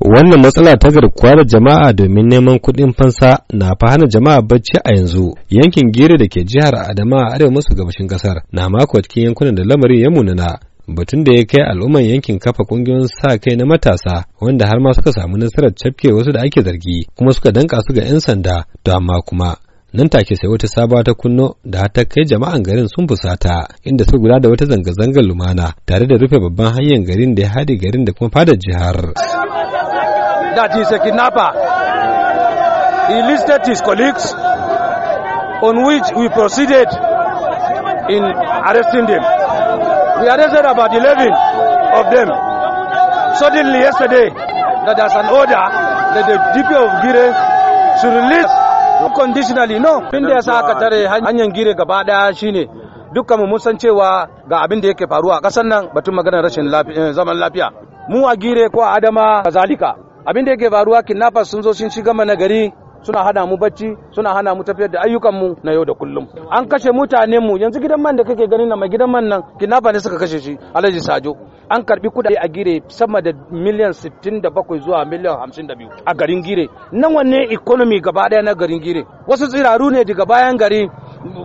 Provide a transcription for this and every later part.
Wannan matsala ta garkuwa da jama'a domin neman kuɗin fansa na fa hana jama'a bacci a yanzu. Yankin Gere da ke jihar Adama a arewa maso gabashin kasar na mako cikin yankunan da lamarin ya munana. Batun da ya kai al'umman yankin kafa kungiyoyin sa kai na matasa wanda har ma suka samu nasarar cafke wasu da ake zargi kuma suka danka su ga 'yan sanda to amma kuma nan take sai wata sabuwa ta kunno da ta kai jama'an garin sun fusata inda suka guda da wata zanga-zangar lumana tare da rufe babban hanyar garin da ya haɗe garin da kuma fadar jihar. that he's a kidnapper. He listed his colleagues, on which we proceeded in arresting them. We arrested about 11 of them. Suddenly, yesterday, that there's an order that the DP of Gire should release unconditionally. No, tun da ya sa aka tare hanyar Gire gaba daya shine dukkan mun san cewa ga abin da yake faruwa a ƙasar nan batun maganar rashin eh, zaman lafiya. Mu a Gire ko a Adama kazalika. abin da yake faruwa kidnappers sun zo sun shiga mana gari suna hana mu bacci suna hana mu tafiyar da ayyukan mu na yau da kullum an kashe mutanen mu yanzu gidan man da kake ganin na mai gidan man nan kidnapper ne suka kashe shi Alhaji Sajo an karbi kudade a gire sama da miliyan 67 zuwa miliyan 52 a garin gire nan wanne economy gaba daya na garin gire wasu tsiraru ne daga bayan gari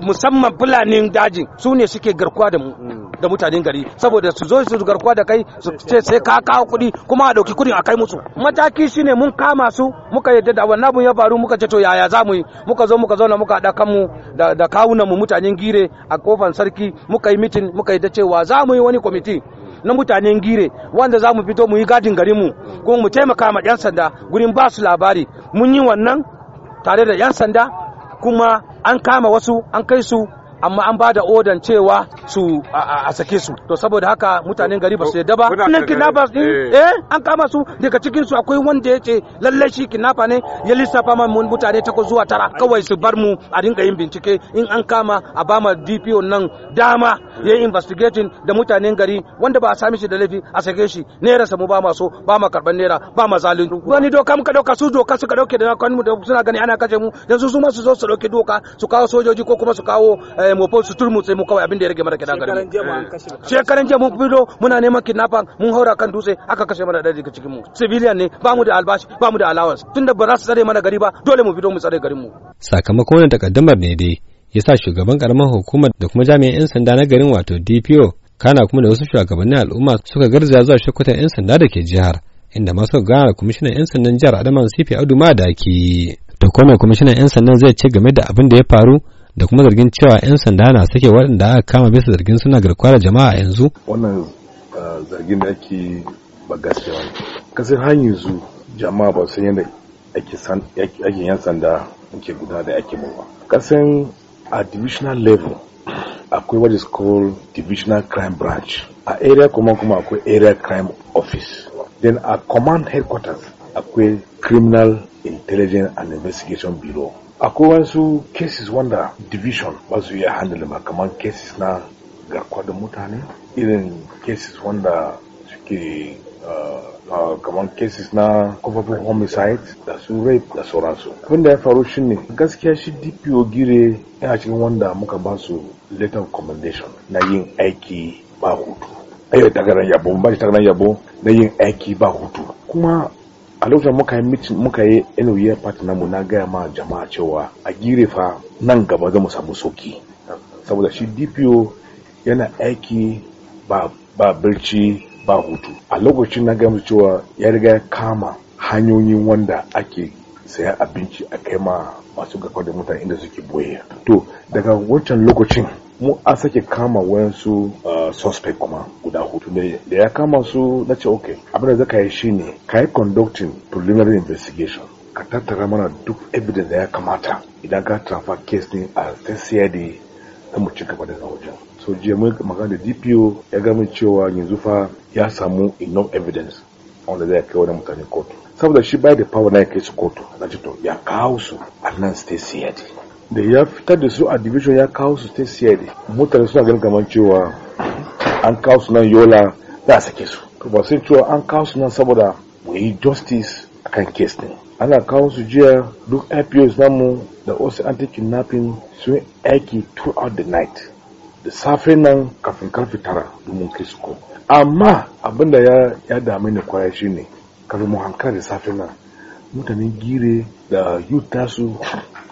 musamman fulani daji su ne suke garkuwa hmm. da mutanen gari saboda su zo su garkuwa da kai su ce sai ka kawo kuɗi kuma a ɗauki kuɗin a kai musu mataki shine mun kama su muka yadda da wannan abun ya faru muka ce to yaya za mu yi muka zo muka zauna muka haɗa kanmu da kawunan mu mutanen gire a kofan sarki muka yi mitin muka yadda cewa za mu yi wani kwamiti na mutanen gire wanda za mu fito mu yi gadin garinmu kuma mu taimaka ma 'yan sanda gurin ba su labari mun yi wannan tare da 'yan sanda kuma an kama wasu an kai su amma an ba da odan cewa su a sake su to saboda haka mutanen gari ba su yadda ba nan kidnappers din eh. eh an kama su daga cikin su akwai wanda ya ce lallai shi kidnapper ne ya lissafa ma mutane takwas zuwa tara kawai su bar mu a dinga yin bincike in an kama a ba ma DPO nan dama ya yi investigating da mutanen gari wanda ba a sami shi da laifi a sake shi naira samu ba ma so ba ma karban naira ba ma zalin wani doka muka dauka su doka ka dauke da kan mu suna gani ana kace mu yanzu su su ma su zo su dauke doka su kawo sojoji ko kuma su kawo eh, mu fa su mu kawai abin da ya rage mana kenan garin shekaran jiya mun fito muna neman kidnapper mun haura kan dutse aka kashe mana ɗaya daga cikin mu civilian ne ba mu da albashi ba mu da allowance tunda ba za su tsare mana gari ba dole mu fito mu tsare garin mu sakamakon wannan takaddamar ne dai yasa shugaban karamar hukumar da kuma jami'an 'yan sanda na garin wato DPO kana kuma da wasu shugabannin al'umma suka garzaya zuwa shakwatan 'yan sanda da ke jihar inda ma suka gana kwamishinan 'yan sandan jihar adama sifi adu madaki to kome kwamishinan 'yan sandan zai ce game da abin da ya faru da kuma zargin cewa 'yan sanda na sake waɗanda aka kama bisa zargin suna garkuwa da jama'a yanzu wannan zargin da ake ba gaskiya kasar har yanzu jama'a ba san yadda ake yan sanda ke guda da ake ba kasan a divisional level akwai what is called divisional crime branch a area kuma kuma akwai area crime office then a command headquarters akwai criminal intelligence and investigation bureau akwai wasu cases wanda division ba su iya handle ba kamar cases na ga da mutane irin cases wanda suke ah, ah, kamar cases na kofofin homicide da su rape da sauransu abin ya faru shine gaskiya shi dpo gire yana cikin wanda muka ba su letter of commendation na yin aiki ba hutu ayyau tagarar yabo ba shi tagarar yabo na yin aiki ba hutu kuma a lokacin muka yi muka yi NUYA e namu na gaya ma jama'a cewa a gire fa nan gaba za mu samu soki saboda shi DPO yana aiki ba birci ba hutu a lokacin na gaya cewa ya riga kama hanyoyin wanda ake sayan abinci a kai ma masu gakwa da mutane inda suke boye to daga wancan lokacin mu a sake kama wayansu ah, suspect kuma guda hutu ne da ya kama su na ce ok abin da zaka yi shine ka yi conducting preliminary investigation ka tattara mana duk evidence da ya kamata idan ka tafa case ne a CID ta mu ci gaba da wajen so jiya mun magana da DPO ya gami cewa yanzu fa ya samu enough evidence wanda zai kai wani mutane kotu saboda shi bai da power na kai su kotu na to ya kawo su a nan state cid da ya fitar da su a division ya kawo su state cid mutane suna ganin kamar cewa an kawo su nan yola za a sake su to ba sai cewa an kawo su nan saboda mu yi justice akan case ne ana kawo su jiya duk ipos namu da wasu anti kidnapping sun aiki throughout the night da safe nan kafin karfe tara domin kai su ko amma abinda ya ya dame ni kwaya ne, kafin mu hankali da safe nan mutanen gire da yuta su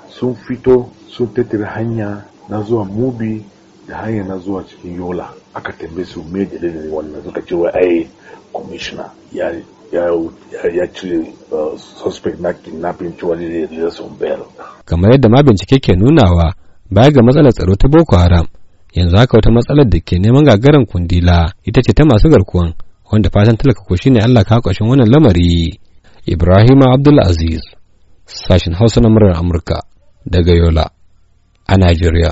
sun fito sun tattara hanya na zuwa mubi da hanya na zuwa cikin yola aka tambaye su me dalilin wannan suka ce wai ai commissioner ya cire uh, suspect na kidnapping cewa ne da ya sun bayar kamar yadda ma bincike ke nunawa baya ga matsalar tsaro ta boko haram yanzu haka wata matsalar da ke neman gagaran kundila ita ce ta masu garkuwan wanda fatan talaka ko shine Allah ka kwashin wannan lamari Ibrahim Abdul Aziz sashin Hausa na murar Amurka daga Yola a Najeriya